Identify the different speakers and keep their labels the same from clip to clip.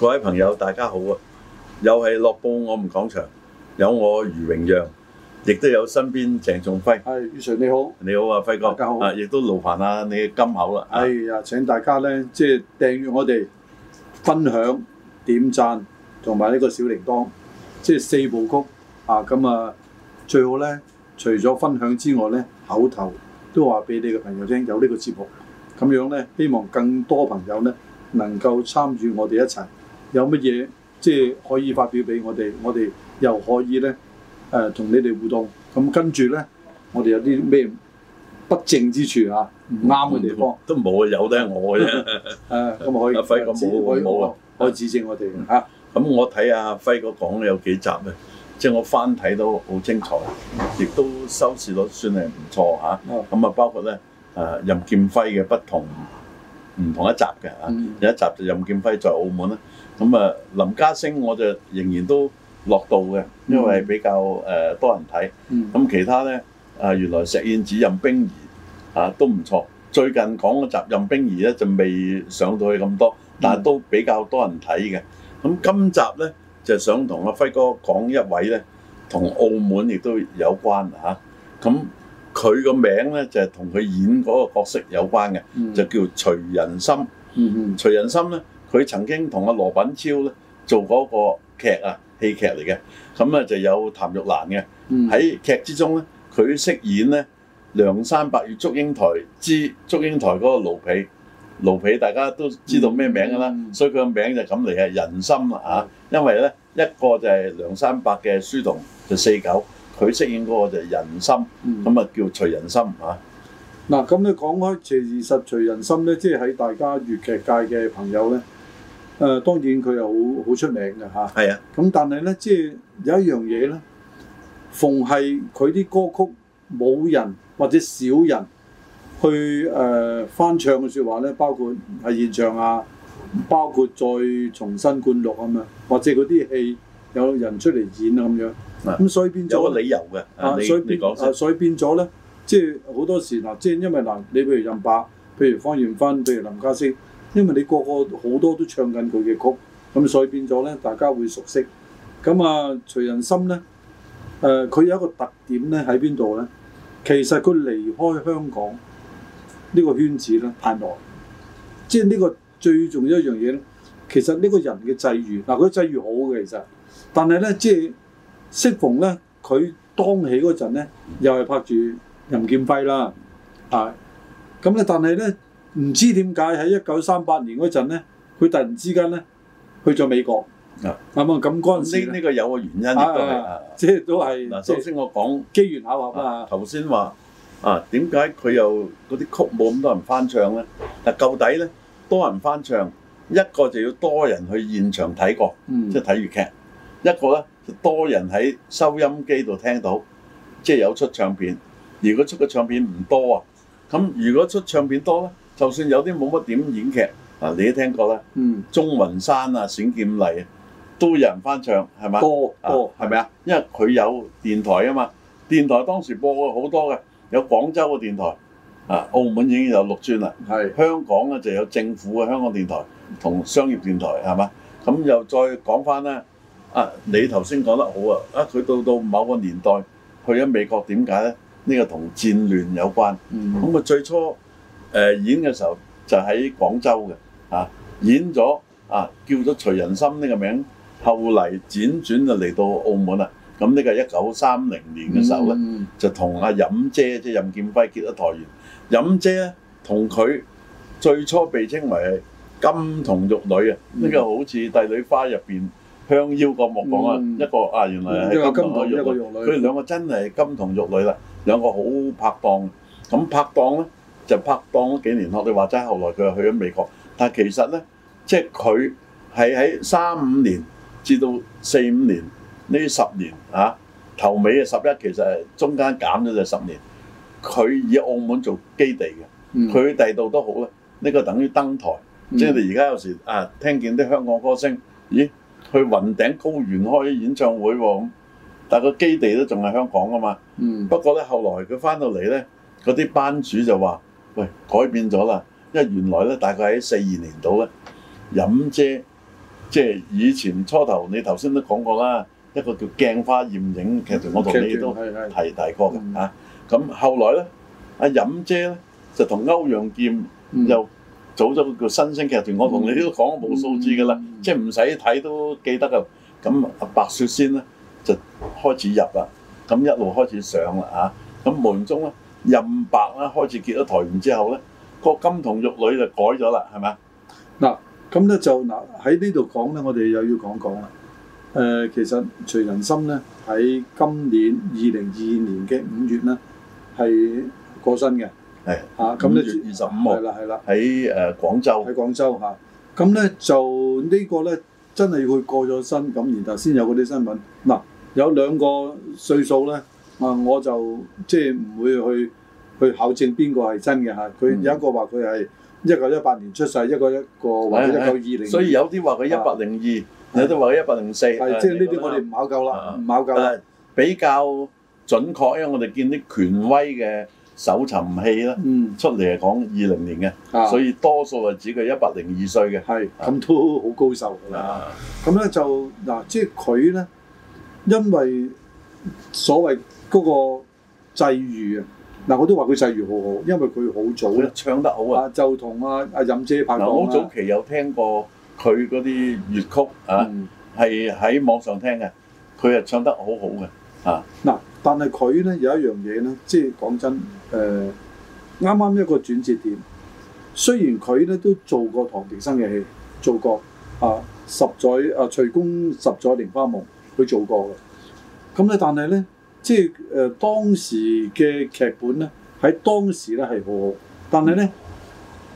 Speaker 1: 各位朋友，大家好啊！又係樂報我們講場，有我余榮讓，亦都有身邊鄭仲輝。係，余 Sir 你好。
Speaker 2: 你好啊，輝哥。大家好。啊，亦都勞煩啊，你嘅金口啦，啊。哎呀！請大家咧，即、就、係、是、訂閱我哋分享、點贊同埋呢個小鈴鐺，即、就、係、是、四部曲啊！咁啊，最好咧，除咗分享之外咧，口頭都話俾你嘅朋友聽，有呢個節目。咁樣咧，希望更多朋友咧能夠參與我哋一齊。有乜嘢即係可以發表俾我哋？我哋又可以咧誒同你哋互動。咁跟住咧，我哋有啲咩不正之處啊，唔啱嘅地方都冇啊！有都係我啫。咁啊可以。阿輝哥冇冇啊，可以指正我哋嚇。咁我睇阿輝哥
Speaker 1: 講嘅有幾集咧，即係我翻睇都好清楚，亦都收視率算係唔錯嚇。咁啊包括咧誒任劍輝嘅不同唔同一集嘅嚇，有一集就任劍輝在澳門啦。咁啊，林家星我就仍然都落到嘅，因為比較誒、嗯呃、多人睇。咁其他呢，啊原來石燕子任冰兒啊都唔錯。最近講個集任冰兒呢，就未上到去咁多，但係都比較多人睇嘅。咁、嗯、今集呢，就想同阿輝哥講一位呢，同澳門亦都有關嚇。咁佢個名字呢，就係同佢演嗰個角色有關嘅，嗯、就叫徐人心。嗯嗯、徐人心呢。佢曾經同阿羅品超咧做嗰個劇啊，戲劇嚟嘅，咁咧就有譚玉蘭嘅，喺、嗯、劇之中咧，佢飾演咧《梁山伯與祝英台》之《祝英台》嗰個奴婢，奴婢大家都知道咩名㗎啦，嗯嗯、所以佢個名就咁嚟嘅，人心啦嚇、啊，因為咧一個就係梁山伯嘅書童，就係、四九，佢飾演嗰個就係人心，咁啊、嗯、叫徐人心嚇。
Speaker 2: 嗱、啊，咁、嗯、你講開邪二十徐人心咧，即係喺大家粵劇界嘅朋友咧。誒、呃、當然佢又好好出名嘅嚇，係啊。咁、啊嗯、但係咧，即係有一樣嘢咧，逢係佢啲歌曲冇人或者少人去誒、呃、翻唱嘅説話咧，包括係現場啊，包括再重新灌錄啊嘛，或者嗰啲戲有人出嚟演啊咁樣。咁、啊、所以變咗有個理由嘅。啊，所以變、啊、所以變咗咧，即係好多時嗱，即係因為嗱，你譬如任白，譬如芳艷芬，譬如林家聲。因為你個個好多都唱緊佢嘅曲，咁所以變咗咧，大家會熟悉。咁啊，徐人心咧，誒、呃，佢有一個特點咧喺邊度咧？其實佢離開香港呢個圈子咧太耐，即係呢個最重要一樣嘢咧。其實呢個人嘅際遇，嗱佢際遇好嘅其實，但係咧即係適逢咧，佢當起嗰陣咧，又係拍住任劍輝啦，啊，咁、啊、咧但係咧。唔知點解喺一九三八年嗰陣咧，佢突然之間咧去咗美國。啊、嗯，咁啊咁嗰陣呢個有個原因亦都係，即係、啊啊就係、都係。嗱、啊，頭先、就係、我講機緣巧合啊。頭先話
Speaker 1: 啊，點解佢又嗰啲曲冇咁多人翻唱咧？嗱、啊，究底咧多人翻唱一個就要多人去現場睇過，嗯、即係睇粵劇；一個咧就多人喺收音機度聽到，即係有出唱片。如果出嘅唱片唔多啊，咁如果出唱片多咧？就算有啲冇乜點演劇，嗱你都聽過啦。嗯，鍾雲山啊，冼劍麗啊都有人翻唱，係嘛？歌歌係咪啊？因為佢有電台啊嘛，電台當時播過好多嘅，有廣州嘅電台啊，澳門已經有六專啦，係香港嘅就有政府嘅香港電台同商業電台，係嘛？咁又再講翻咧，啊你頭先講得好啊，啊佢到到某個年代去咗美國，點解咧？呢個同戰亂有關。咁佢，嗯，最初。誒、呃、演嘅時候就喺廣州嘅，嚇、啊、演咗啊叫咗徐人心呢個名，後嚟輾轉就嚟到澳門啦。咁呢個一九三零年嘅時候咧，嗯、就同阿、嗯、任姐即係任劍輝結咗台緣。任姐咧同佢最初被稱為金童玉女啊，呢、嗯、個好似《帝女花》入邊香夭個木綱啊，嗯、一個啊原來係金，金，金童玉女，佢哋兩個真係金童玉女啦，兩個好拍檔。咁拍檔咧？就拍檔咗幾年咯，你話齋後來佢去咗美國，但係其實咧，即係佢係喺三五年至到四五年呢十年啊頭尾嘅十一，其實係中間減咗就十年。佢以澳門做基地嘅，佢第度都好啦。呢、呢個等於登台，嗯、即係你而家有時啊聽見啲香港歌星，咦去雲頂高原開演唱會喎、哦、但係個基地都仲係香港啊嘛。嗯、不過咧後來佢翻到嚟咧，嗰啲班主就話。喂，改變咗啦，因為原來咧大概喺四二年度咧，任姐即係以前初頭，你頭先都講過啦，一個叫鏡花艷影劇團，我同你都提提過嘅嚇。咁後來咧，阿任姐咧就同歐陽儉又組咗個叫新聲劇團，我同你都講過無數次嘅啦，即係唔使睇都記得嘅。咁阿白雪仙咧就開始入啦，咁一路開始上啦嚇，咁無緣中咧。任白啦，開始結咗台員之後咧，呢個金童玉女就改咗啦，係咪啊？
Speaker 2: 嗱，咁咧就嗱喺呢度講咧，我哋又要講講啦。誒、呃，其實徐人心咧喺今年二零二二年嘅五月咧係過身嘅，係嚇、哎呀，五、啊、月二十五號，係啦係啦，喺誒廣州，喺廣州嚇。咁咧、啊、就個呢個咧真係要佢過咗身咁，然後先有嗰啲新聞。嗱，有兩個歲數咧。啊！我就即係唔會去去考證邊個係真嘅嚇。佢有一個話佢係一九一八年出世，一個一個或者一九二零，所以有啲話佢一百
Speaker 1: 零二，有啲話佢一百零四。係即係呢啲我哋唔考究啦，唔考究啦。比較準確，因為我哋見啲權威嘅搜尋器咧，出嚟係講二零年嘅，所以多數係指佢一百零
Speaker 2: 二歲嘅。係咁都好高壽㗎啦。咁咧就嗱，即係佢咧，因為所謂嗰個際遇啊！嗱，我都話佢際遇好好，因為佢好早咧唱得好啊，啊就同阿阿任姐拍檔啦、啊。早期有聽過佢嗰啲粵曲啊，係喺、嗯、網上聽嘅，佢啊唱得好好嘅啊。嗱、啊啊，但係佢咧有一樣嘢咧，即係講真誒，啱、啊、啱一個轉折點。雖然佢咧都做過唐滌生嘅戲，做過啊十載啊徐公十載蓮花夢，佢做過嘅。咁咧，但係咧。即係誒、呃、當時嘅劇本咧，喺當時咧係好好，但係咧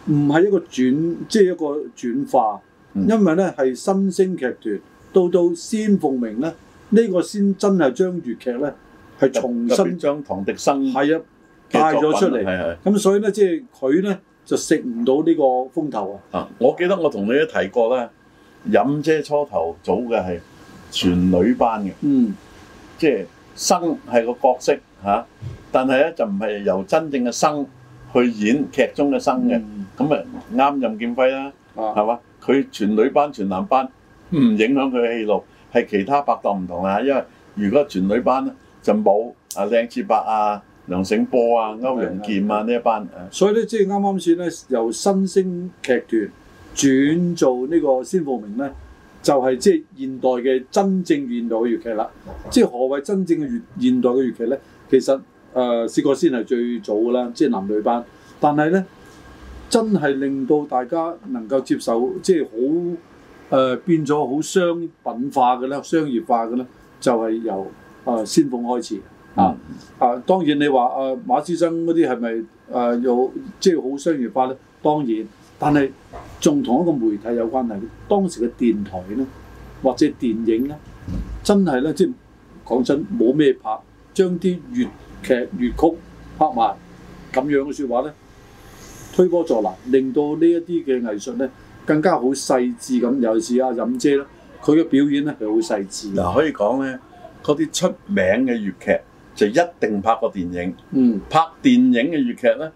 Speaker 2: 唔係一個轉，即係一個轉化，嗯、因為咧係新星劇團，到到先鳳鳴咧，呢、呢個先真係將粵劇咧係重新將唐迪生係啊帶咗出嚟，咁所以咧即係佢咧就食唔到呢個風頭啊！
Speaker 1: 我記得我同你都提過啦，飲姐初頭組嘅係全女班嘅，嗯，即係。生係個角色嚇、啊，但係咧就唔係由真正嘅生去演劇中嘅生嘅。咁啊啱任劍輝啦，係嘛、啊？佢全女班、全男班唔影響佢嘅戲路，係、嗯、其他拍檔唔同啊。因為如果全女班咧就冇阿、啊、靚次伯啊、梁醒波啊、
Speaker 2: 嗯、歐陽劍啊呢的一班。所以咧，即係啱啱先咧，由新星劇團轉做這個呢個仙鳳鳴咧。就係即係現代嘅真正現代嘅粵劇啦。Okay. 即係何謂真正嘅粵現代嘅粵劇咧？其實誒、呃，史國先係最早噶啦，即係男女班。但係咧，真係令到大家能夠接受，即係好誒變咗好商品化嘅咧，商業化嘅咧，就係、是、由誒仙鳳開始啊。Mm hmm. 啊，當然你話誒、呃、馬師曾嗰啲係咪誒有即係好商業化咧？當然。但係仲同一個媒體有關係的，當時嘅電台呢，或者電影呢，真係呢，即係講真冇咩拍，將啲粵劇粵曲拍埋咁樣嘅說話呢，推波助瀾，令到呢一啲嘅藝術呢更加好細緻咁。尤其是阿任姐呢，佢嘅表演呢係好細緻。嗱、呃，可以講呢，嗰啲出名嘅粵劇就一定拍過電影。嗯，拍
Speaker 1: 電影嘅粵劇呢。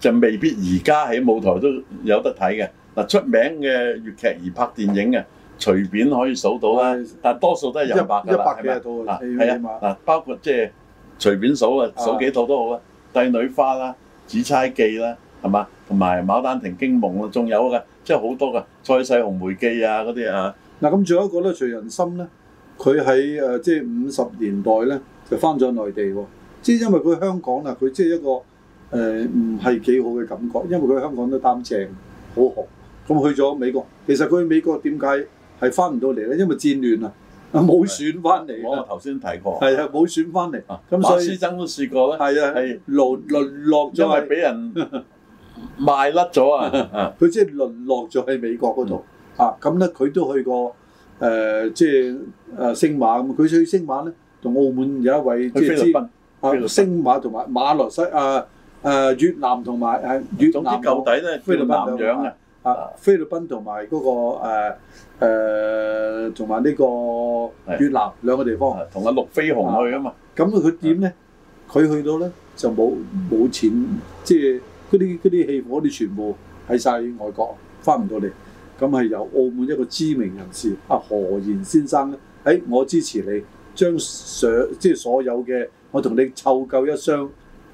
Speaker 1: 就未必而家喺舞台都有得睇嘅嗱，出名嘅粵劇而拍電影嘅，隨便可以數到啦。係。但多數都係有一百幾套，係咪啊？嗱，包括即係隨便數啊，係。數幾套都好啦，《帝女花》啦，《紫釵記》啦，係嘛？同埋《牡丹亭驚夢》啊，仲有嘅，即係好
Speaker 2: 多嘅《再世紅梅記》啊嗰啲啊。嗱咁仲有一個咧，《徐人心》咧，佢喺誒即係五十年代咧就翻咗內地喎。即係因為佢香港啦，佢即係一個。誒唔係幾好嘅感覺，因為佢香港都擔正好紅，咁去咗美國。其實佢去美國點解係翻唔到嚟咧？因為戰亂啊，冇選翻嚟。我頭先提過，係啊，冇選翻嚟啊。咁馬師曾都試過咧，係啊，係淪淪落，咗係俾人賣甩咗啊！佢即係淪落咗喺美國嗰度啊。咁咧佢都去過誒，即係誒星馬。佢去星馬咧，同澳門有一位即係菲律賓啊，星馬同埋馬來西亞啊。誒、呃、越南同埋誒越南的，總之舊底咧菲律賓兩啊，啊菲律賓同埋嗰個誒同埋呢個越南兩個地方，同阿陸飛雄去啊嘛。咁佢點咧？佢的去到咧就冇冇錢，即係嗰啲嗰啲戲，我哋全部喺晒外國，翻唔到嚟。咁係由澳門一個知名人士啊何賢先生咧，誒、哎、我支持你，將上即係所有嘅，我同你湊夠一箱。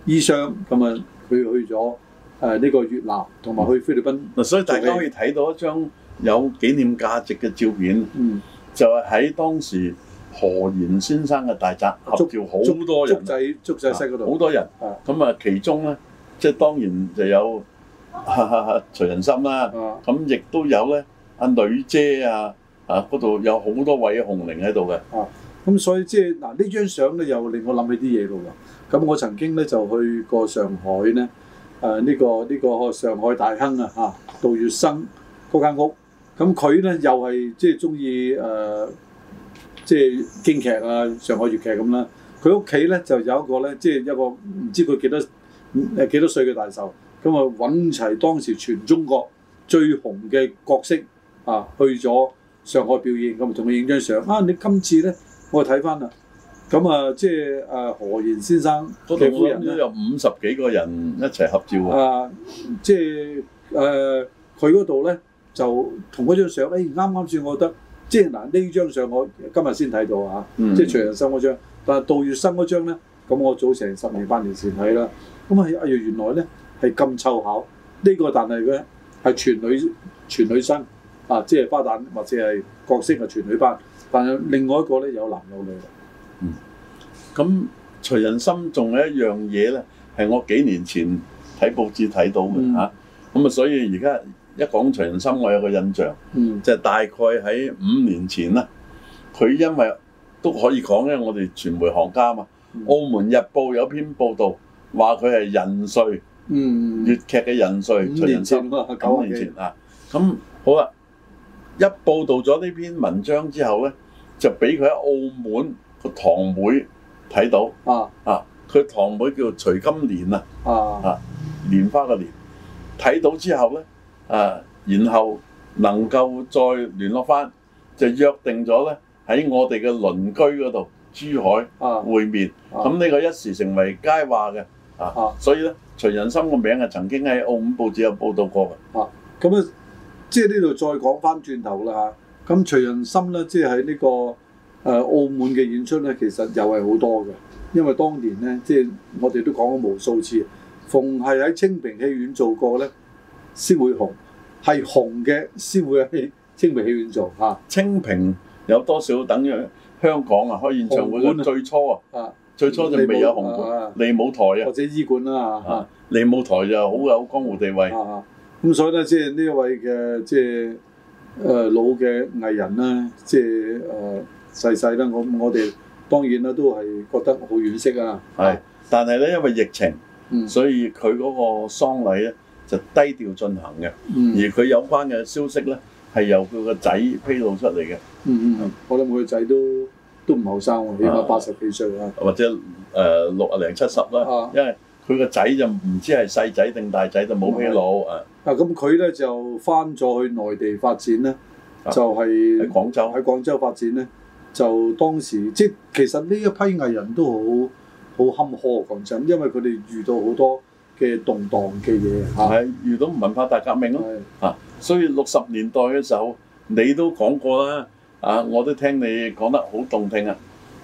Speaker 2: 醫生咁啊，佢去咗誒呢個越南，同埋去菲律賓。嗱，所以大家可以睇
Speaker 1: 到一張有紀念價值嘅照片，嗯，就係喺當時何賢先生嘅大宅合照。好多人，竹
Speaker 2: 仔竹仔度好、啊、多人。
Speaker 1: 咁啊的、嗯，其中咧，即係當然就有哈哈徐人心啦、啊。咁亦的、嗯嗯、都
Speaker 2: 有咧，阿女姐啊，啊嗰度有好多位紅伶喺度嘅。咁所以即係嗱，呢、啊、張相咧又令我諗起啲嘢㗎。咁我曾經咧就去過上海咧，誒、呃、呢、呢個呢、呢個上海大亨啊嚇杜月笙嗰間屋，咁佢咧又係即係中意誒即係京劇啊上海粵劇咁啦。佢屋企咧就有一個咧，即係一個唔知佢幾多誒幾多歲嘅大壽，咁啊揾齊當時全中國最紅嘅角色啊，去咗上海表演，咁啊同佢影張相啊。你今次咧我睇翻啦。咁、嗯、啊，即係誒、啊、何賢先生，嗰度我睇到有五十幾
Speaker 1: 個人一齊合照啊！
Speaker 2: 即係誒佢嗰度咧，就同嗰張相咧，啱啱先我覺得，即係嗱呢張相我今日先睇到啊！嗯、即係徐人心嗰張，但係杜月笙嗰張咧，咁我早成十年八年前睇啦。咁啊，哎原來咧係咁湊巧，呢、這個但係咧係全女全女生啊，即係花旦，或者係角色係全女班，但係另外一個咧有男有女。
Speaker 1: 嗯，咁徐人心仲有一樣嘢咧，係我幾年前睇報紙睇到嘅吓，咁、嗯、啊所以而家一講徐人心，我有個印象，嗯、就大概喺五年前啦，佢因為都可以講呢我哋傳媒行家啊嘛，嗯《澳門日報》有篇報道話佢係人瑞，粵劇嘅人瑞，徐人心，九年前咁、啊、好啦、啊，一報道咗呢篇文章之後咧，就俾佢喺澳門。個堂妹睇到啊啊，佢、啊、堂妹叫徐金蓮啊啊，蓮、啊、花嘅蓮，睇到之後咧啊，然後能夠再聯絡翻，就約定咗咧喺我哋嘅鄰居嗰度，珠海啊會面，咁呢、啊啊、個一時成為佳話嘅啊，啊所以
Speaker 2: 咧徐人心嘅名啊曾經喺澳門報紙有報道過嘅啊，咁咧即係呢度再講翻轉頭啦嚇，咁徐人心咧即係呢、這個。誒、呃、澳門嘅演出咧，其實又係好多嘅，因為當年咧，即係我哋都講過無數次，逢係喺清平戲院做過咧，先會紅，係紅嘅先會喺清平戲院做嚇。啊、清平有多少等於香港啊，
Speaker 1: 開演唱會咧，最初啊，
Speaker 2: 啊啊最初就未有紅館，
Speaker 1: 利舞、啊、台啊，或者伊館啦、啊、嚇，利舞、啊啊、台就好有江湖地位。
Speaker 2: 咁、啊、所以咧，即係呢一位嘅即係誒、呃、老嘅藝人啦，即係誒。呃細細啦，我我哋當然啦，都係覺得好惋惜啊！
Speaker 1: 係，但係咧，因為疫情，所以佢嗰個喪禮咧就低調進行嘅。而佢有關嘅消息咧，係由佢個仔披露出嚟嘅。嗯嗯，我諗佢個仔都都唔後生喎，起碼八十幾歲啦，或者誒六啊零七十啦，因為佢個仔就
Speaker 2: 唔知係細仔定大仔，就冇披露啊。啊，咁佢咧就翻咗去內地發展咧，就係喺廣州喺廣州發展咧。就當時即其實呢一批藝人都好好坎坷講真，因為佢哋遇到好多嘅動盪嘅嘢，係遇到文化大革命咯，係嘅啊，所以六十年
Speaker 1: 代嘅時候，你都講過啦，啊，我都聽你講得好動聽、就係、蝦啊，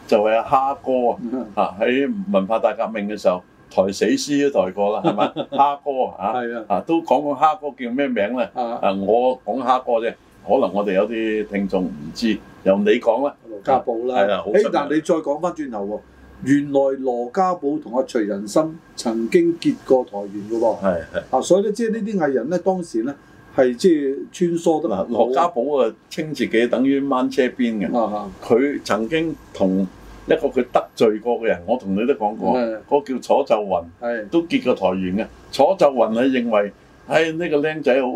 Speaker 1: 就係阿蝦哥啊，嚇喺文化大革命嘅時候抬死屍都抬過啦，係咪？蝦哥啊，啊都講過蝦哥叫咩名咧？啊，我講蝦哥啫。可能我哋有啲聽眾唔知，由你講啦。羅家寶啦，誒，但
Speaker 2: 你再講翻轉頭喎，原來羅家寶同阿徐人心曾經結過台緣嘅喎。啊，所以咧，即係呢啲藝人咧，當時咧係即係穿梭得。羅家寶啊，稱自己，等於掹車邊嘅。佢曾經
Speaker 1: 同一個佢得罪過嘅人，我同你都講過，嗰個叫楚秀雲，都結過台緣嘅。楚秀雲你認為誒呢個僆仔好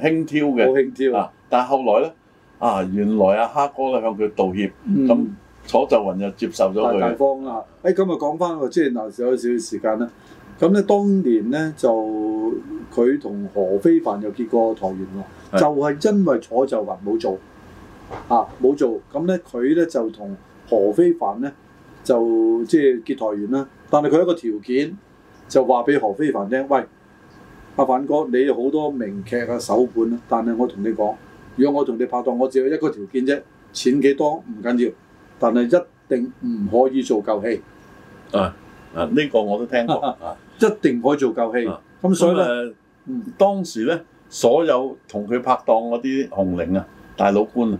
Speaker 1: 輕佻嘅，好輕佻啊！但係後來咧，啊原來阿黑哥咧向佢道歉，咁、嗯、楚就雲就接受咗佢。大，大方
Speaker 2: 啦、啊！誒、哎，今日講翻個即係嗱，少少時間啦。咁咧，當年咧就佢同何非凡又結過台緣喎，是的就係因為楚就雲冇做，嚇、啊、冇做，咁咧佢咧就同何非凡咧就即係、就是、結台緣啦。但係佢有一個條件就話俾何非凡聽：喂，阿凡哥，你好多名劇嘅首本啦，但係我同你講。如果我同你拍檔，我只有一個條件啫，錢幾多唔緊要，但係一定唔可以做舊戲。
Speaker 1: 啊啊！呢、啊呢個
Speaker 2: 我都聽過， 啊、一定唔可以
Speaker 1: 做舊戲。咁、啊、所以咧，嗯、當時咧，所有同佢拍檔嗰啲紅伶啊、大佬官啊，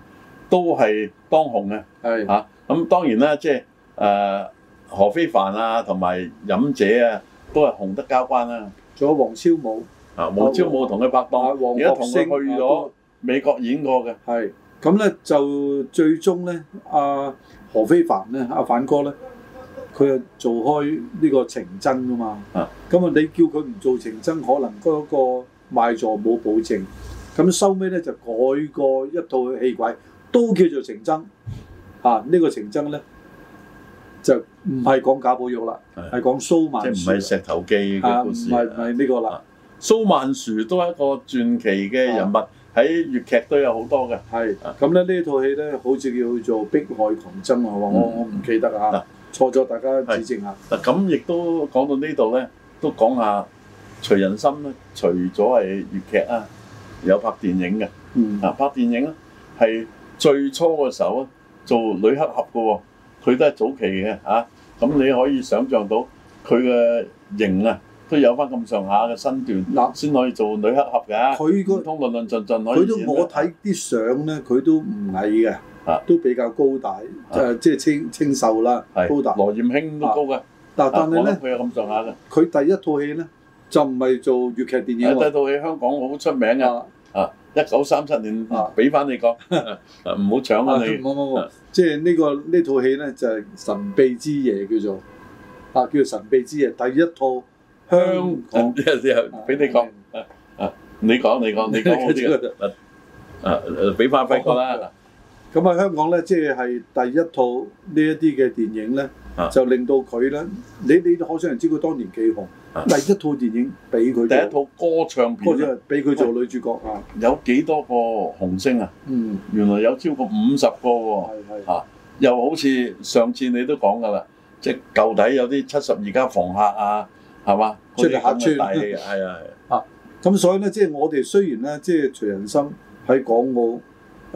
Speaker 1: 都係當紅嘅。係嚇咁，啊、當然啦，即係誒何非凡啊，同埋飲者啊，都係紅得交關
Speaker 2: 啊。仲有黃超武啊，黃超武同佢拍檔，而家同佢去咗。啊美國演過嘅係咁咧，就最終咧，阿、啊、何非凡咧，阿、啊、反哥咧，佢就做開呢個情真噶嘛。啊！咁啊，你叫佢唔做情真，可能嗰個賣座冇保證。咁收尾咧就改過一套戲軌，都叫做情真。啊！呢、這個情真咧就唔係講賈寶玉啦，係是講蘇曼。即唔係《石頭記》嘅故事。啊！唔係呢個啦、啊。蘇曼殊都係一個傳奇嘅人物。啊喺粵劇都有很多的這好多嘅，係咁咧，呢套戲咧，好似叫做迫害《碧海狂僧》啊，我我唔記得啊，嗯、錯咗大家指正下。咁亦都講到呢度咧，都講下
Speaker 1: 徐人心咧，除咗係粵劇啊，有拍電影嘅，啊、嗯、拍電影咧係最初嘅時候咧做女黑俠嘅喎，佢都係早期嘅啊，咁你可以想像到佢嘅型啊。都有翻
Speaker 2: 咁上下嘅身段，立先可以做女黑俠㗎。佢個通通論論盡盡佢都我睇啲相咧，佢都唔矮嘅，都比較高大，誒，即係清清秀啦，高大。羅艷卿都高嘅。嗱，但係咧，佢有咁上下嘅。佢第一套戲咧就唔係做粵劇電影。第一套戲香港好出名㗎，啊，一九三七年啊，俾翻你講，唔好搶啊你。唔好唔好，即係呢個呢套戲咧就係《神秘之夜》叫做啊，叫做《神秘之夜》第一套。香港嘅俾你講，啊，你講你講你講
Speaker 1: 我呢個，啊，啊，俾翻輝哥啦。
Speaker 2: 咁啊，香港咧，即係係第一套呢一啲嘅電影咧，就令到佢咧，你你可想而知佢當年幾紅。第一套電影俾佢，第一套歌唱片俾佢做女主角。有幾多個
Speaker 1: 紅星啊？嗯，原來有超過五十個喎。係係。嚇，又好似上次你都講噶啦，即係舊底有啲七十二家房客啊，係嘛？出嚟客串，係
Speaker 2: 啊係啊，咁所以咧，即係我哋雖然咧，即係徐人心喺港澳，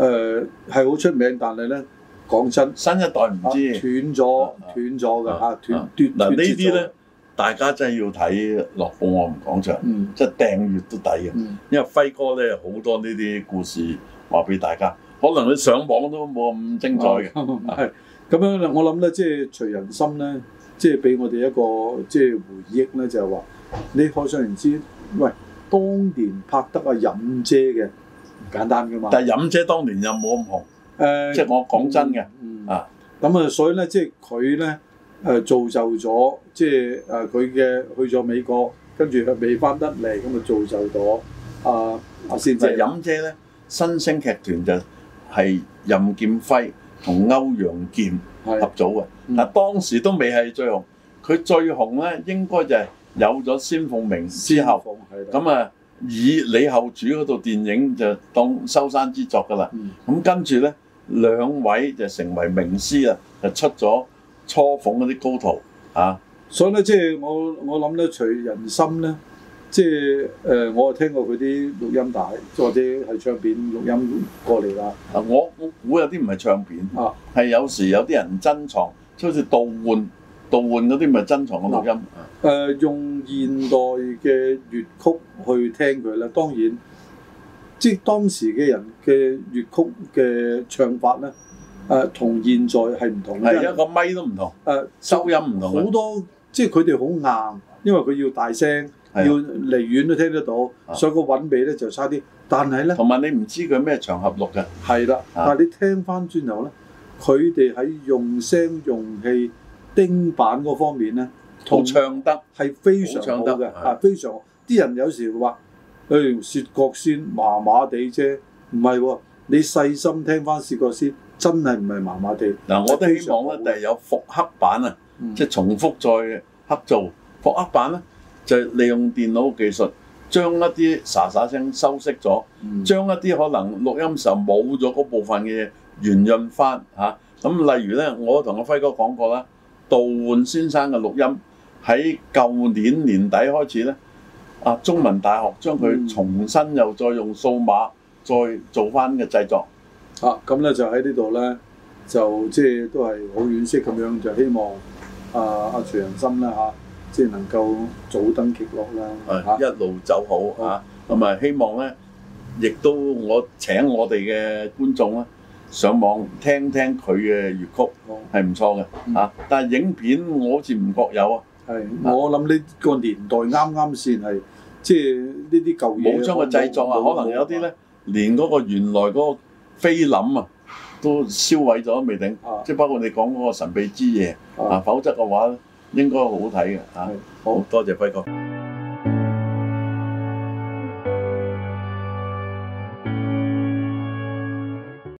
Speaker 2: 誒係好出名，但係咧，講真，新一代唔知斷咗斷咗嘅嚇斷斷嗱呢啲咧，
Speaker 1: 大家真係要睇樂報我們講場，即係訂閱都抵嘅，因為輝哥咧好多呢啲故事話俾大家，可能佢上網都冇咁精彩
Speaker 2: 嘅，係咁樣我諗咧，即係徐人心咧。即係俾我哋一個即係回憶咧，就係話你可想而知。喂，當年拍得阿任姐嘅唔簡單噶嘛。但係任姐當年又冇咁紅，誒、呃，即係我講真嘅啊，咁、呃、啊，所以咧，即係佢咧誒造就咗，即係誒佢嘅去咗美國，跟住佢未翻得嚟，咁啊造就咗阿阿先。誒任姐咧，新
Speaker 1: 星劇團就係任劍輝同歐陽劍。是合組嘅，嗱、嗯啊、當時都未係最紅，佢最紅咧應該就係有咗仙鳳鳴、仙鳳鳴之後，咁啊以李後主嗰套電影就當收山之作㗎啦，咁、嗯嗯、跟住咧兩位就成為名師啦，就出咗
Speaker 2: 雛鳳嗰啲高徒啊，所以咧即係我我諗咧徐人心咧。即係誒、呃，我有聽過佢啲錄音帶，或者係唱片錄音過嚟啦。啊，我我估有啲唔係唱片啊，係有時有啲人珍藏，
Speaker 1: 即好似盜換
Speaker 2: 盜換嗰啲，唔係珍藏嘅錄音。誒、啊呃，用現代嘅粵曲去聽佢啦。當然，即係當時嘅人嘅粵曲嘅唱法咧，誒、呃，同現在係唔同嘅，係一是是個咪都唔同，誒、啊，收音唔同，好多，即係佢哋好硬，因為佢要大聲。要離遠都聽得到，所以個韻味咧就差啲。但係咧，同埋你唔知佢咩場合錄嘅。係啦，但係你聽翻轉頭咧，佢哋喺用聲用氣丁板嗰方面咧，同唱得係非常好嘅。啊，非常啲人有時會話誒薛覺先麻麻地啫，唔係喎，你細心聽翻薛覺先，真係唔係麻麻地。嗱，我都希望咧，就係有復刻版啊，即係重複再合做復刻版咧。就係利用
Speaker 1: 電腦技術，將一啲沙沙聲收飾咗，將、嗯、一啲可能錄音時候冇咗嗰部分嘅嘢，圓潤翻嚇。咁、啊、例如咧，我同阿輝哥講過啦，杜煥先生嘅錄音喺舊年年底開始咧，啊中文大學將佢重新又再用數碼再做翻
Speaker 2: 嘅製作。啊，咁咧就喺呢度咧，就即係都係好惋惜咁樣，就希望啊啊徐人心啦嚇。啊即係能夠早登極樂
Speaker 1: 啦！啊，一路走好啊！咁啊，希望咧，亦都我請我哋嘅觀眾咧上網聽聽佢嘅粵曲，係唔錯嘅啊！但係影片我好似唔覺有啊，我諗呢個年代啱啱先係即係呢啲舊嘢冇將嘅製作啊，可能有啲咧連嗰個原來嗰個菲林啊都燒毀咗未定，即係包括你講嗰個神秘之夜啊，否則嘅話。應該好好睇嘅，好多謝輝哥。